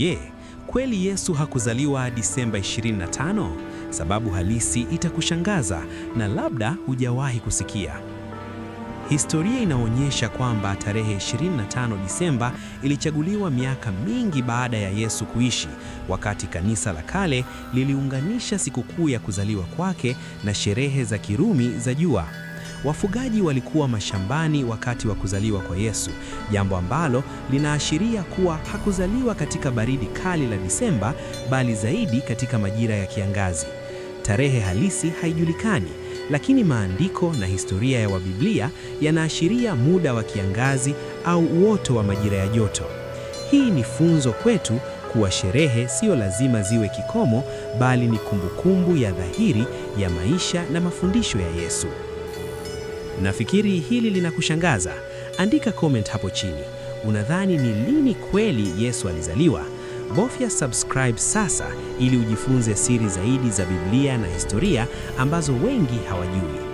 Je, kweli Yesu hakuzaliwa Disemba 25? Sababu halisi itakushangaza na labda hujawahi kusikia. Historia inaonyesha kwamba tarehe 25 Disemba ilichaguliwa miaka mingi baada ya Yesu kuishi, wakati kanisa la kale liliunganisha sikukuu ya kuzaliwa kwake na sherehe za Kirumi za jua. Wafugaji walikuwa mashambani wakati wa kuzaliwa kwa Yesu, jambo ambalo linaashiria kuwa hakuzaliwa katika baridi kali la Disemba, bali zaidi katika majira ya kiangazi. Tarehe halisi haijulikani, lakini maandiko na historia ya Wabiblia yanaashiria muda wa kiangazi au uoto wa majira ya joto. Hii ni funzo kwetu kuwa sherehe sio lazima ziwe kikomo, bali ni kumbukumbu ya dhahiri ya maisha na mafundisho ya Yesu. Nafikiri hili linakushangaza. Andika comment hapo chini. Unadhani ni lini kweli Yesu alizaliwa? Bofya subscribe sasa ili ujifunze siri zaidi za Biblia na historia ambazo wengi hawajui.